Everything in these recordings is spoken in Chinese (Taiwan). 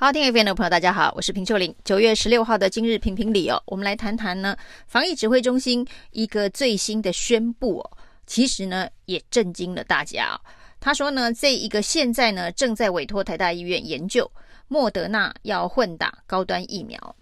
好，聽 FM 的朋友，大家好，我是平秀琳。九月十六號的今日評評理哦，我們來談談呢，防疫指揮中心一個最新的宣布哦，其實呢也震驚了大家哦。他說呢，這一個現在呢正在委託台大醫院研究莫德納要混打高端疫苗。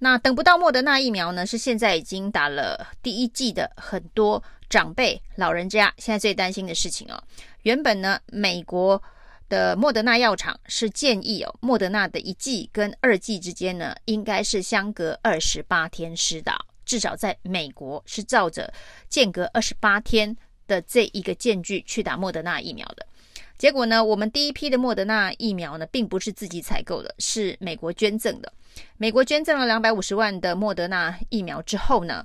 那等不到莫德納疫苗呢，是現在已經打了第一劑的很多長輩老人家，現在最擔心的事情哦。原本呢，美國。的莫德納藥廠是建議哦，莫德納的一劑跟二劑之間呢，應該是相隔二十八天施打。至少在美國是照着間隔二十八天的這一個間距去打莫德納疫苗的。結果呢，我們第一批的莫德納疫苗呢，並不是自己採購的，是美國捐贈的。美國捐贈了兩百五十萬的莫德納疫苗之後呢，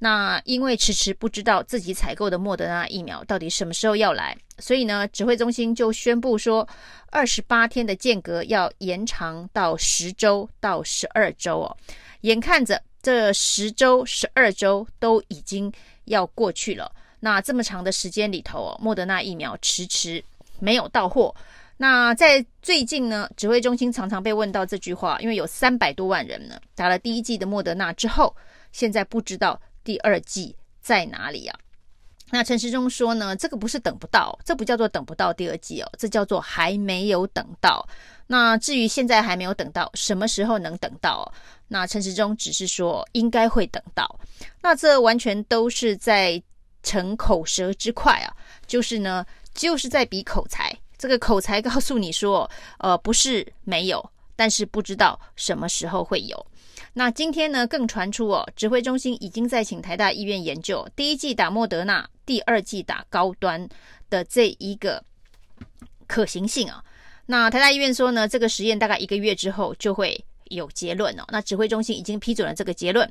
那因為遲遲不知道自己採購的莫德納疫苗到底什麼時候要來，所以呢，指揮中心就宣布說，二十八天的間隔要延長到十週到十二週哦。眼看着這十週、十二週都已經要過去了，那這麼長的時間裡頭，哦，莫德納疫苗遲遲，遲沒有到貨。那在最近呢，指揮中心常常被問到這句話，因為有三百多萬人呢打了第一劑的莫德納之後，現在不知道。第二季在哪裡啊？那陳時中說呢，這個不是等不到，這不叫做等不到第二季哦，這叫做還沒有等到。那至於現在還沒有等到，什麼時候能等到啊？那陳時中只是說應該會等到。那這完全都是在逞口舌之快啊，就是呢，就是在比口才。這個口才告訴你說，呃，不是沒有，但是不知道什麼時候會有。那今天呢，更傳出哦，指揮中心已經在請台大醫院研究第一劑打莫德納，第二劑打高端的這一個可行性啊。那台大醫院說呢，這個實驗大概一個月之後就會有結論哦。那指揮中心已經批准了這個結論，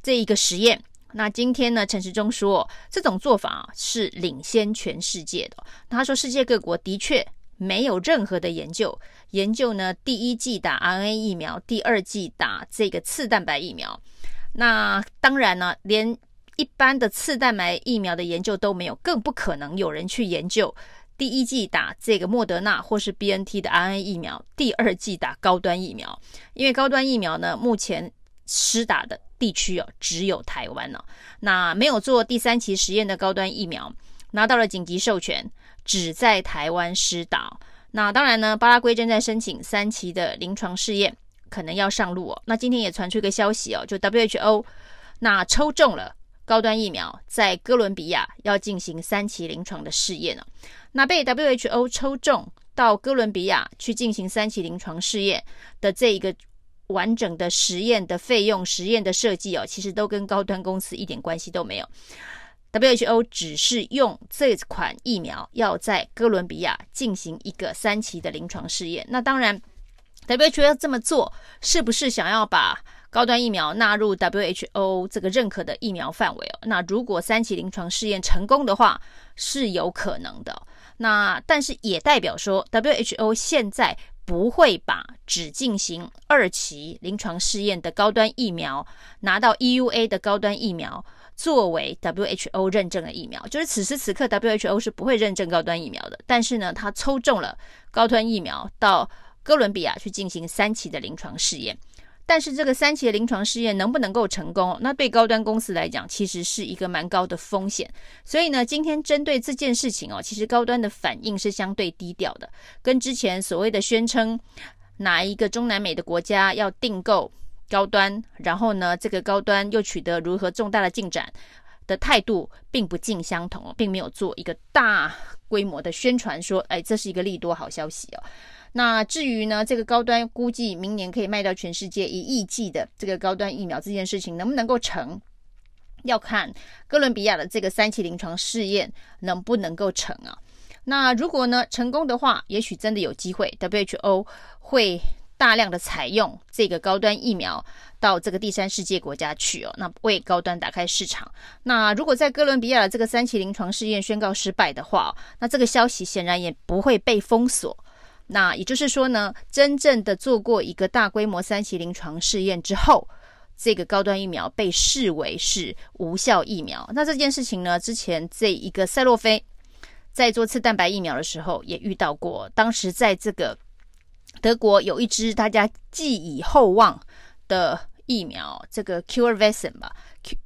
這一個實驗。那今天呢，陳時中說，這種做法啊，是領先全世界的。他說，世界各國的確。沒有任何的研究，研究呢，第一劑打 RNA 疫苗，第二劑打這個次蛋白疫苗。那當然呢，連一般的次蛋白疫苗的研究都沒有，更不可能有人去研究第一劑打這個莫德納或是 BNT 的 RNA 疫苗，第二劑打高端疫苗。因為高端疫苗呢，目前施打的地區哦、啊，只有台灣哦、啊。那沒有做第三期實驗的高端疫苗，拿到了緊急授權。只在台灣施打，那當然呢，巴拉圭正在申請三期的臨床試驗，可能要上路哦。那今天也傳出一個消息哦，就 WHO 那抽中了高端疫苗，在哥倫比亞要進行三期臨床的試驗哦。那被 WHO 抽中到哥倫比亞去進行三期臨床試驗的這一個完整的實驗的費用、實驗的設計哦，其實都跟高端公司一點關係都沒有。WHO 只是用這款疫苗要在哥倫比亞進行一個三期的臨床試驗。那當然，WHO 要這麼做是不是想要把高端疫苗納入 WHO 這個認可的疫苗範圍哦？那如果三期臨床試驗成功的話，是有可能的。那但是也代表說，WHO 現在不會把只進行二期臨床試驗的高端疫苗拿到 EUA 的高端疫苗，作為 WHO 認證的疫苗，就是此時此刻 WHO 是不會認證高端疫苗的。但是呢，它抽中了高端疫苗到哥倫比亞去進行三期的臨床試驗。但是這個三期的臨床試驗能不能夠成功，那對高端公司來講，其實是一個蠻高的風險。所以呢，今天針對這件事情哦，其實高端的反應是相對低調的，跟之前所謂的宣稱哪一個中南美的國家要訂購。高端，然後呢，這個高端又取得如何重大的進展，的態度並不盡相同哦，並沒有做一個大規模的宣傳說，說哎，這是一個利多好消息哦。那至於呢，這個高端估計明年可以賣到全世界一億劑的這個高端疫苗，這件事情能不能夠成，要看哥倫比亞的這個三期臨床試驗能不能夠成啊。那如果呢，成功的話，也許真的有機會，WHO 會大量的採用這個高端疫苗到這個第三世界國家去哦，那為高端打開市場。那如果在哥倫比亞的這個三期臨床試驗宣告失敗的話，那這個消息顯然也不會被封鎖。那也就是說呢，真正的做過一個大規模三期臨床試驗之後，這個高端疫苗被視為是無效疫苗。那這件事情呢，之前這一個賽洛菲在做次蛋白疫苗的時候也遇到過，當時在這個。德國有一支大家寄以厚望的疫苗，這個 CureVacin 吧，Q。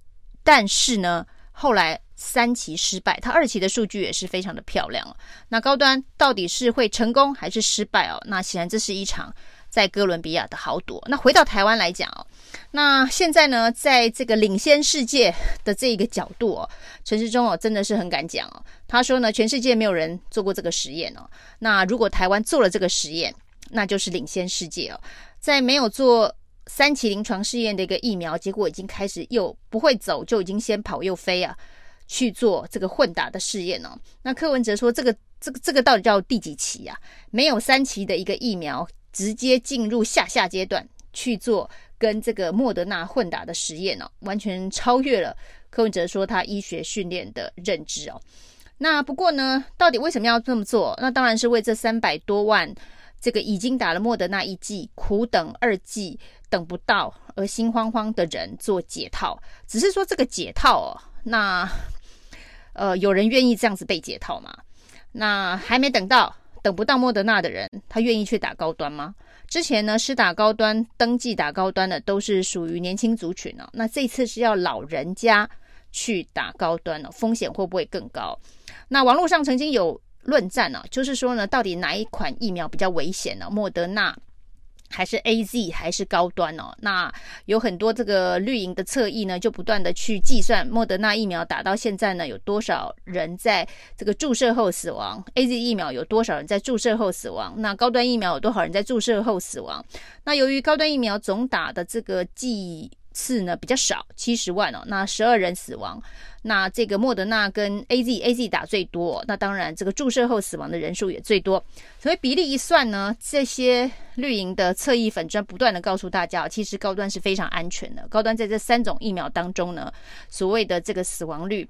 但是呢，後來三期失敗，它二期的數據也是非常的漂亮哦。那高端到底是會成功還是失敗哦？那顯然這是一場在哥倫比亞的豪賭。那回到台灣來講哦，那現在呢，在這個領先世界的這一個角度哦，陳時中哦真的是很敢講哦。他說呢，全世界沒有人做過這個實驗哦。那如果台灣做了這個實驗？那就是領先世界哦，在沒有做三期臨床試驗的一個疫苗，結果已經開始又不會走，就已經先跑又飛啊，去做這個混打的試驗哦。那柯文哲說：“這個、這個、這個到底叫第幾期呀、啊？沒有三期的一個疫苗，直接進入下下階段去做跟這個莫德納混打的實驗哦，完全超越了柯文哲說他醫學訓練的認知哦。那不過呢，到底為什麼要這麼做？那當然是為這三百多萬。”這個已經打了莫德納一劑，苦等二劑，等不到而心慌慌的人做解套，只是說這個解套哦，那呃有人願意這樣子被解套嗎？那還沒等到等不到莫德納的人，他願意去打高端嗎？之前呢是打高端登記打高端的都是屬於年輕族群哦，那這次是要老人家去打高端哦，風險會不會更高？那網絡上曾經有。論戰呢、啊，就是說呢，到底哪一款疫苗比較危險呢、啊？莫德納還是 AZ 還是高端呢、啊？那有很多這個綠營的側翼呢，就不斷地去計算莫德納疫苗打到現在呢，有多少人在這個注射後死亡？AZ 疫苗有多少人在注射後死亡？那高端疫苗有多少人在注射後死亡？那由於高端疫苗總打的這個劑。次呢比較少，七十萬哦，那十二人死亡，那這個莫德納跟 A Z A Z 打最多，哦，那當然這個注射後死亡的人數也最多，所以比例一算呢，這些綠營的側翼粉專不斷的告訴大家，哦，其實高端是非常安全的，高端在這三種疫苗當中呢，所謂的這個死亡率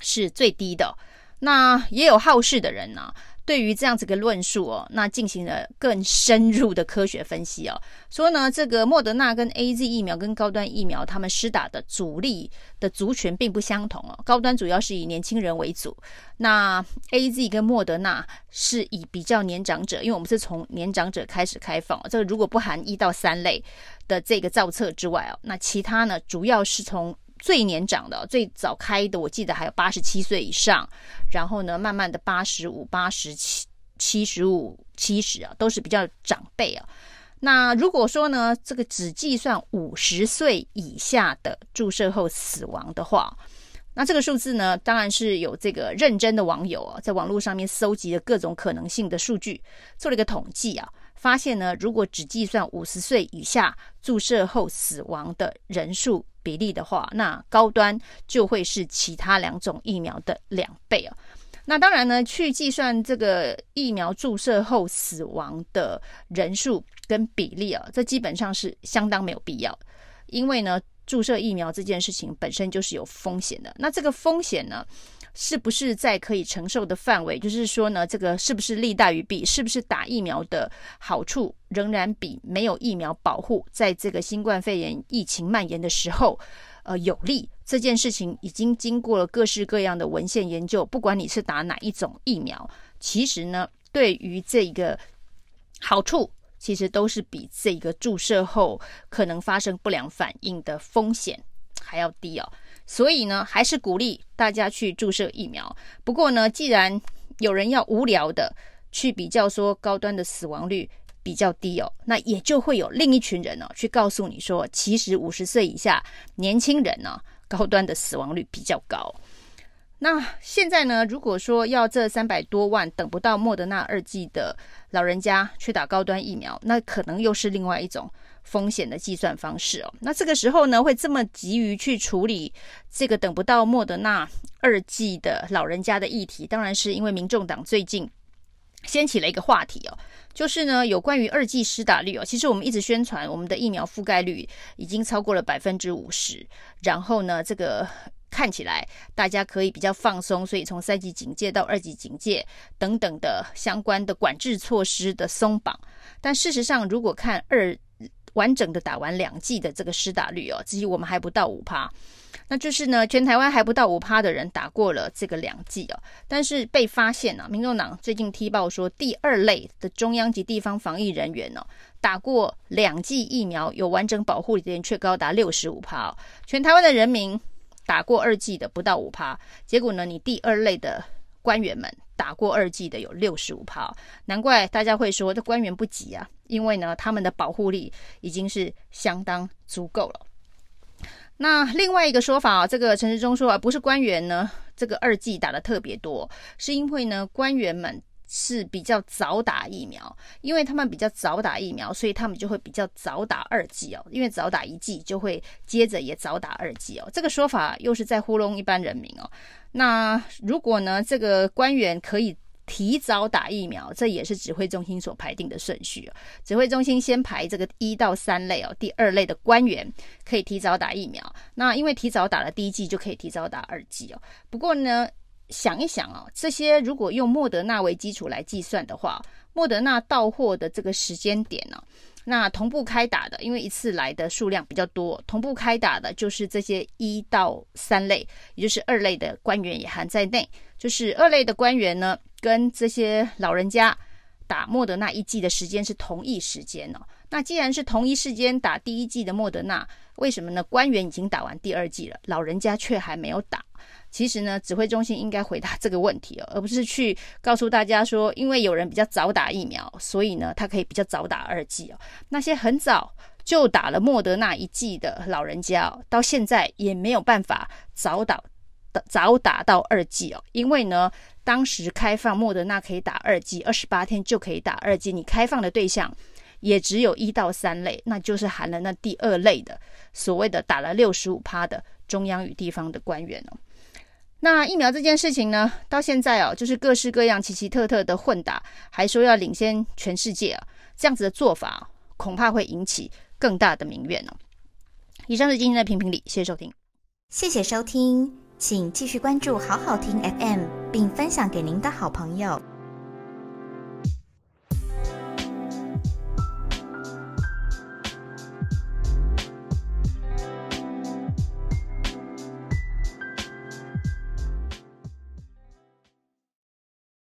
是最低的，那也有好事的人呢，啊。對於這樣子的論述哦，那進行了更深入的科學分析哦，說呢這個莫德納跟 AZ 疫苗跟高端疫苗，他們施打的主力的族群並不相同哦，高端主要是以年輕人為主，那 AZ 跟莫德納是以比較年長者，因為我們是從年長者開始開放，這個如果不含一到三類的這個造冊之外哦，那其他呢主要是從。最年長的，最早開的，我記得還有八十七歲以上，然後呢，慢慢的八十五、八十、七十五、七十啊，都是比較長輩啊。那如果說呢，這個只計算五十歲以下的注射後死亡的話，那這個數字呢，當然是有這個認真的網友啊，在網絡上面搜集了各種可能性的數據，做了一個統計啊。發現呢，如果只計算五十歲以下注射後死亡的人數比例的話，那高端就會是其他兩種疫苗的兩倍啊。那當然呢，去計算這個疫苗注射後死亡的人數跟比例啊，這基本上是相當沒有必要，因為呢，注射疫苗這件事情本身就是有風險的。那這個風險呢？是不是在可以承受的範圍？就是說呢，這個是不是利大於弊？是不是打疫苗的好處仍然比沒有疫苗保護，在這個新冠肺炎疫情蔓延的時候，呃，有利？這件事情已經經過了各式各樣的文獻研究，不管你是打哪一種疫苗，其實呢，對於這個好處，其實都是比這個注射後可能發生不良反應的風險還要低哦。所以呢，還是鼓勵大家去注射疫苗。不過呢，既然有人要無聊的去比較說高端的死亡率比較低哦，那也就會有另一群人哦，去告訴你說，其實五十歲以下年輕人呢、哦，高端的死亡率比較高。那現在呢，如果說要這三百多萬等不到莫德納二劑的老人家去打高端疫苗，那可能又是另外一種。風險的計算方式哦，那這個時候呢，會這麼急於去處理這個等不到莫德納二劑的老人家的議題，當然是因為民眾黨最近掀起了一個話題哦，就是呢有關於二劑施打率哦。其實我們一直宣傳我們的疫苗覆蓋率已經超過了百分之五十，然後呢，這個看起來大家可以比較放鬆，所以從三級警戒到二級警戒等等的相關的管制措施的鬆綁。但事實上，如果看二。完整的打完兩劑的這個施打率哦，只有我們還不到五趴，那就是呢，全台灣還不到五趴的人打過了這個兩劑哦，但是被發現呢、啊，民眾黨最近踢爆說，第二類的中央及地方防疫人員哦，打過兩劑疫苗有完整保護的人卻高達六十五趴哦，全台灣的人民打過二劑的不到五趴，結果呢，你第二類的，官員們打過二劑的有六十五趴，難怪大家會說這官員不急啊，因為呢他們的保護力已經是相當足夠了。那另外一個說法啊，這個陳時中說啊，不是官員呢這個二劑打的特別多，是因為呢官員們。是比較早打疫苗，因為他們比較早打疫苗，所以他們就會比較早打二劑哦。因為早打一劑，就會接着也早打二劑哦。這個說法又是在糊弄一般人民哦。那如果呢，這個官員可以提早打疫苗，這也是指揮中心所排定的順序哦。指揮中心先排這個一到三類哦，第二類的官員可以提早打疫苗。那因為提早打了第一劑，就可以提早打二劑哦。不過呢。想一想哦，這些如果用莫德納為基礎來計算的話，莫德納到貨的這個時間點呢？那同步開打的，因為一次來的數量比較多，同步開打的就是這些一到三類，也就是二類的官員也含在內，就是二類的官員呢，跟這些老人家打莫德納一季的時間是同一時間哦。那既然是同一時間打第一季的莫德納，為什麼呢？官員已經打完第二季了，老人家卻還沒有打？其實呢，指揮中心應該回答這個問題哦，而不是去告訴大家說，因為有人比較早打疫苗，所以呢，他可以比較早打二劑哦。那些很早就打了莫德納一劑的老人家哦，到現在也沒有辦法早打，早打到二劑哦，因為呢，當時開放莫德納可以打二劑，二十八天就可以打二劑，你開放的對象也只有一到三類，那就是含了那第二類的所謂的打了六十五趴的中央與地方的官員哦。那疫苗這件事情呢，到現在哦，就是各式各樣、奇奇特特的混打，還說要領先全世界啊，這樣子的做法啊，恐怕會引起更大的民怨哦啊。以上是今天的評評理，謝謝收聽。謝謝收聽，請繼續關注好好聽 FM，並分享給您的好朋友。